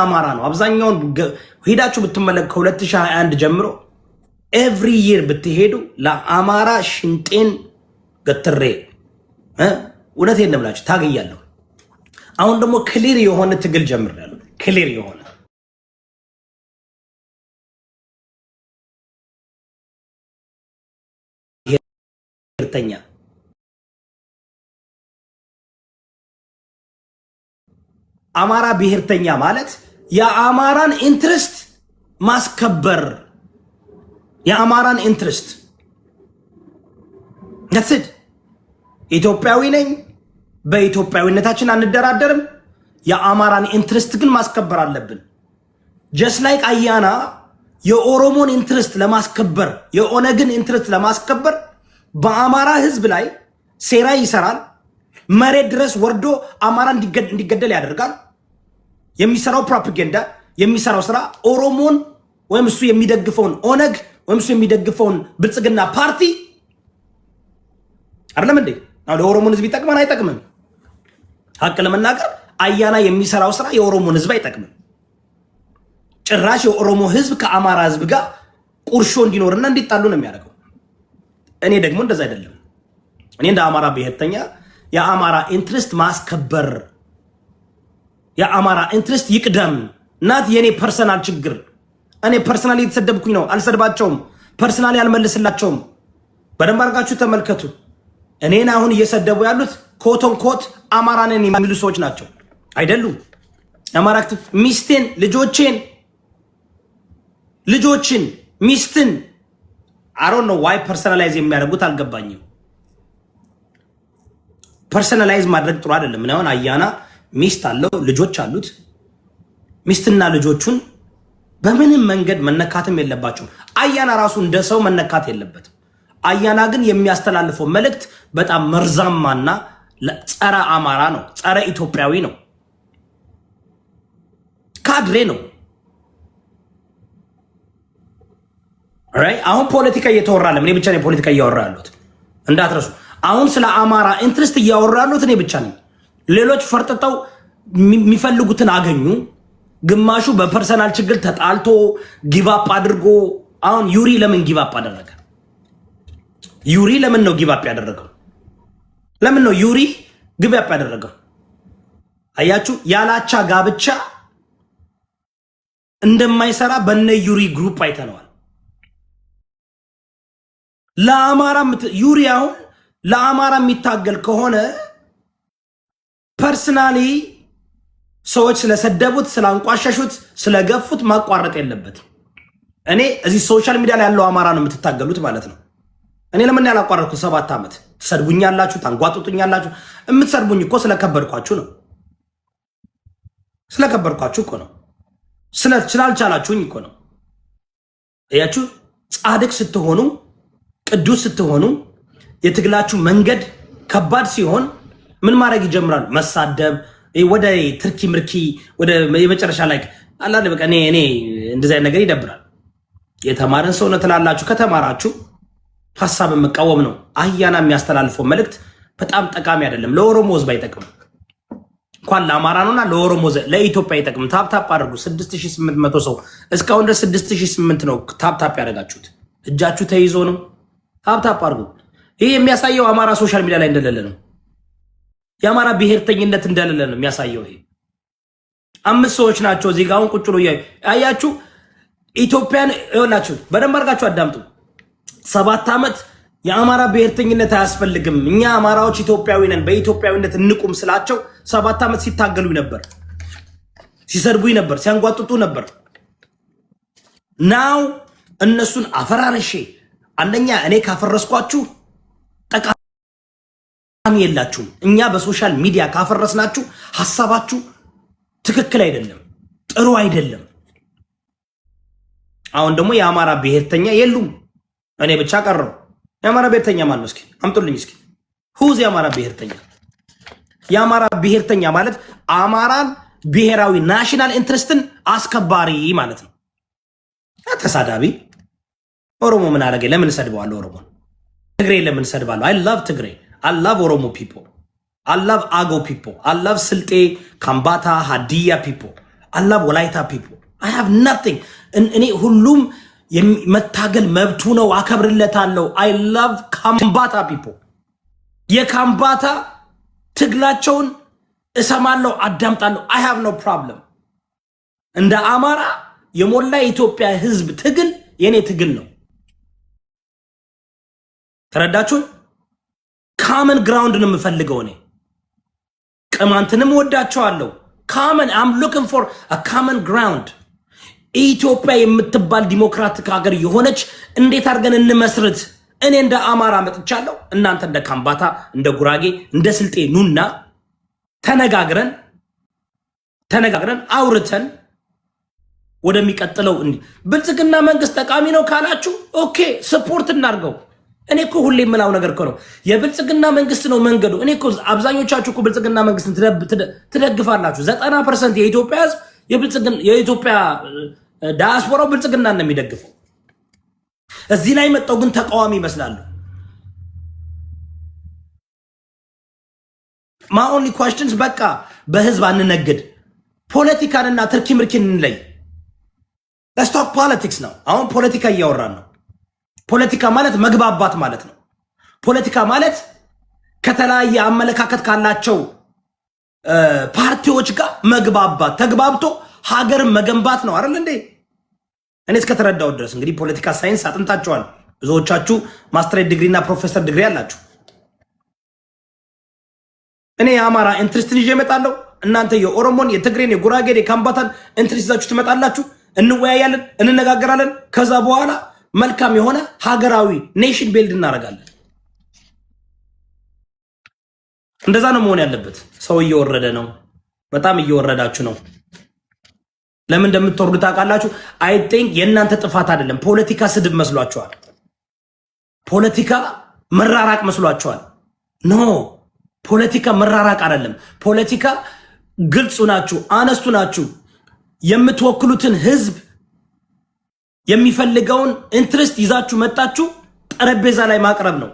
አማራ ነው። አብዛኛውን ሄዳችሁ ብትመለከ 2021 ጀምሮ ኤቭሪ ይር ብትሄዱ ለአማራ ሽንጤን ገትሬ እውነት የለምላችሁ ታገያለሁ። አሁን ደግሞ ክሊር የሆነ ትግል ጀምሬያለሁ። ክሊር የሆነ ተኛ አማራ ብሔርተኛ ማለት የአማራን ኢንትረስት ማስከበር የአማራን ኢንትረስት ነትድ ኢትዮጵያዊ ነኝ፣ በኢትዮጵያዊነታችን አንደራደርም። የአማራን ኢንትረስት ግን ማስከበር አለብን። ጀስ ላይክ አያና የኦሮሞን ኢንትረስት ለማስከበር የኦነግን ኢንትረስት ለማስከበር በአማራ ሕዝብ ላይ ሴራ ይሰራል። መሬት ድረስ ወርዶ አማራ እንዲገደል ያደርጋል። የሚሰራው ፕሮፓጋንዳ የሚሰራው ስራ ኦሮሞን ወይም እሱ የሚደግፈውን ኦነግ ወይም እሱ የሚደግፈውን ብልጽግና ፓርቲ አይደለም እንዴ? የኦሮሞን ህዝብ ይጠቅመን አይጠቅምም? ሀቅ ለመናገር አያና የሚሰራው ስራ የኦሮሞን ህዝብ አይጠቅምም። ጭራሽ የኦሮሞ ህዝብ ከአማራ ህዝብ ጋር ቁርሾ እንዲኖርና እንዲጣሉ ነው የሚያደርገው። እኔ ደግሞ እንደዛ አይደለም። እኔ እንደ አማራ ብሄርተኛ የአማራ ኢንትረስት ማስከበር፣ የአማራ ኢንትረስት ይቅደም ናት የእኔ ፐርሰናል ችግር። እኔ ፐርሰናል እየተሰደብኩኝ ነው። አልሰድባቸውም፣ ፐርሰናል አልመልስላቸውም። በደንብ አርጋችሁ ተመልከቱ። እኔን አሁን እየሰደቡ ያሉት ኮቶን ኮት አማራ ነን የሚሉ ሰዎች ናቸው። አይደሉም። የአማራ ሚስቴን፣ ልጆቼን፣ ልጆችን፣ ሚስትን አሮን ነው ዋይ ፐርሰናላይዝ የሚያደርጉት አልገባኝም። ፐርሰናላይዝ ማድረግ ጥሩ አይደለም። ምን አሁን አያና ሚስት አለው ልጆች አሉት። ሚስትና ልጆቹን በምንም መንገድ መነካትም የለባቸውም። አያና ራሱ እንደ ሰው መነካት የለበትም። አያና ግን የሚያስተላልፈው መልእክት በጣም መርዛማና ጸረ አማራ ነው፣ ጸረ ኢትዮጵያዊ ነው፣ ካድሬ ነው። አሁን ፖለቲካ እየተወራ እኔ ብቻ ፖለቲካ እያወራ ያሉት እንዳትረሱ። አሁን ስለ አማራ ኢንትረስት እያወሩ ያሉት እኔ ብቻ ነኝ። ሌሎች ፈርጥጠው የሚፈልጉትን አገኙ። ግማሹ በፐርሰናል ችግር ተጣልቶ ጊቫፕ አድርጎ አሁን ዩሪ ለምን ጊቫፕ አደረገ? ዩሪ ለምን ነው ጊቫፕ ያደረገው? ለምን ነው ዩሪ ጊቫፕ ያደረገው? አያችሁ፣ ያላቻ ጋብቻ እንደማይሰራ በነ ዩሪ ግሩፕ አይተነዋል። ለአማራ ዩሪ አሁን ለአማራ የሚታገል ከሆነ ፐርስናሊ ሰዎች ስለሰደቡት፣ ስላንቋሸሹት፣ ስለገፉት ማቋረጥ የለበትም። እኔ እዚህ ሶሻል ሚዲያ ላይ ያለው አማራ ነው የምትታገሉት ማለት ነው። እኔ ለምን ያላቋረጥኩ ሰባት ዓመት ትሰድቡኛላችሁ፣ ታንጓጥጡኛላችሁ። የምትሰድቡኝ እኮ ስለከበድኳችሁ ነው። ስለከበድኳችሁ እኮ ነው። ስላልቻላችሁኝ እኮ ነው። እያችሁ ጻድቅ ስትሆኑ ቅዱስ ስትሆኑ የትግላችሁ መንገድ ከባድ ሲሆን ምን ማድረግ ይጀምራሉ? መሳደብ፣ ወደ ትርኪ ምርኪ፣ ወደ የመጨረሻ ላይ አላ በቃ እኔ እኔ እንደዚህ አይነት ነገር ይደብራል። የተማርን ሰው ነው ትላላችሁ። ከተማራችሁ ሀሳብ መቃወም ነው። አህያና የሚያስተላልፈው መልእክት በጣም ጠቃሚ አይደለም። ለኦሮሞ ህዝብ አይጠቅም፣ እንኳን ለአማራ ነውና ለኦሮሞ ለኢትዮጵያ አይጠቅም። ታፕታፕ አድርጉ። 6800 ሰው እስካሁን ድረስ 6800 ነው ታፕታፕ ያደረጋችሁት። እጃችሁ ተይዞ ነው። ታፕታፕ አድርጉ። ይህ የሚያሳየው አማራ ሶሻል ሚዲያ ላይ እንደሌለ ነው። የአማራ ብሔርተኝነት እንደሌለ ነው የሚያሳየው። ይሄ አምስት ሰዎች ናቸው እዚህ ጋር አሁን ቁጭ ብሎ አያችሁ። ኢትዮጵያን ይኸውላችሁ፣ በደንብ አድርጋችሁ አዳምጡ። ሰባት ዓመት የአማራ ብሔርተኝነት አያስፈልግም፣ እኛ አማራዎች ኢትዮጵያዊ ነን፣ በኢትዮጵያዊነት እንቁም ስላቸው ሰባት ዓመት ሲታገሉ ነበር፣ ሲሰድቡኝ ነበር፣ ሲያንጓጥጡ ነበር። ናው እነሱን አፈራርሼ አንደኛ እኔ ካፈረስኳችሁ አቅም የላችሁም። እኛ በሶሻል ሚዲያ ካፈረስናችሁ ሀሳባችሁ ትክክል አይደለም፣ ጥሩ አይደለም። አሁን ደግሞ የአማራ ብሔርተኛ የሉም፣ እኔ ብቻ ቀረው። የአማራ ብሔርተኛ ማነው? እስኪ አምጡልኝ። እስኪ ሁዝ የአማራ ብሔርተኛ የአማራ ብሔርተኛ ማለት አማራን ብሔራዊ ናሽናል ኢንትረስትን አስከባሪ ማለት ነው። ተሳዳቢ ኦሮሞ ምን አደረገ? ለምን እሰድበዋለሁ? ኦሮሞን ትግሬ ለምን እሰድባለሁ? አይ ላቭ ትግሬ I love Oromo people. I love Ago people. I love Silte, Kambata, Hadia people. I love Walaita people. I have nothing. እኔ ሁሉም መታገል መብቱ ነው፣ አከብርለታለሁ። አይ ላቭ ካምባታ ፒፖ የካምባታ ትግላቸውን እሰማለሁ፣ አዳምጣለሁ። አይ ሃቭ ኖ ፕሮብለም። እንደ አማራ የሞላ የኢትዮጵያ ህዝብ ትግል የእኔ ትግል ነው። ተረዳችሁን? ካመን ግራውንድ ነው የምፈልገው እኔ ቅማንትንም ወዳቸዋለሁ። ካመን አም ሉኪንግ ፎር ካመን ግራውንድ ኢትዮጵያ የምትባል ዲሞክራቲክ ሀገር የሆነች እንዴት አድርገን እንመስርት? እኔ እንደ አማራ መጥቻለሁ፣ እናንተ እንደ ካምባታ፣ እንደ ጉራጌ፣ እንደ ስልጤ ኑና ተነጋግረን ተነጋግረን አውርተን ወደሚቀጥለው ብልጽግና መንግስት ጠቃሚ ነው ካላችሁ ኦኬ ስፖርት እናድርገው። እኔ እኮ ሁሌ የምላው ነገር እኮ ነው። የብልጽግና መንግስት ነው መንገዱ። እኔ እኮ አብዛኞቻችሁ እኮ ብልጽግና መንግስትን ትደግፋላችሁ። ዘጠና ፐርሰንት የኢትዮጵያ ህዝብ የኢትዮጵያ ዳያስፖራው ብልጽግና ነው የሚደግፈው። እዚህ ላይ መጣው ግን ተቃዋሚ ይመስላሉ። ማኦንሊ ኳስችንስ በቃ በህዝብ አንነግድ፣ ፖለቲካንና ትርኪ ምርኪን እንለይ። ስቶክ ፖለቲክስ ነው አሁን ፖለቲካ እያወራን ነው። ፖለቲካ ማለት መግባባት ማለት ነው። ፖለቲካ ማለት ከተለያየ አመለካከት ካላቸው ፓርቲዎች ጋር መግባባት ተግባብቶ ሀገርን መገንባት ነው አይደል እንዴ? እኔ እስከተረዳው ድረስ እንግዲህ ፖለቲካ ሳይንስ አጥንታችኋል ብዙዎቻችሁ፣ ማስትሬት ዲግሪ እና ፕሮፌሰር ዲግሪ አላችሁ። እኔ የአማራ ኢንትሪስትን ይዤ እመጣለሁ። እናንተ የኦሮሞን፣ የትግሬን፣ የጉራጌን፣ የካምባታን ኢንትሪስት ይዛችሁ ትመጣላችሁ። እንወያያለን፣ እንነጋገራለን። ከዛ በኋላ መልካም የሆነ ሀገራዊ ኔሽን ቤልድ እናደርጋለን። እንደዛ ነው መሆን ያለበት። ሰው እየወረደ ነው። በጣም እየወረዳችሁ ነው። ለምን እንደምትወርዱ ታውቃላችሁ። አይ ቲንክ የእናንተ ጥፋት አይደለም። ፖለቲካ ስድብ መስሏችኋል። ፖለቲካ መራራቅ መስሏችኋል። ኖ ፖለቲካ መራራቅ አይደለም። ፖለቲካ ግልጹ ናችሁ፣ አነስቱ ናችሁ። የምትወክሉትን ህዝብ የሚፈልገውን ኢንትረስት ይዛችሁ መጣችሁ ጠረጴዛ ላይ ማቅረብ ነው።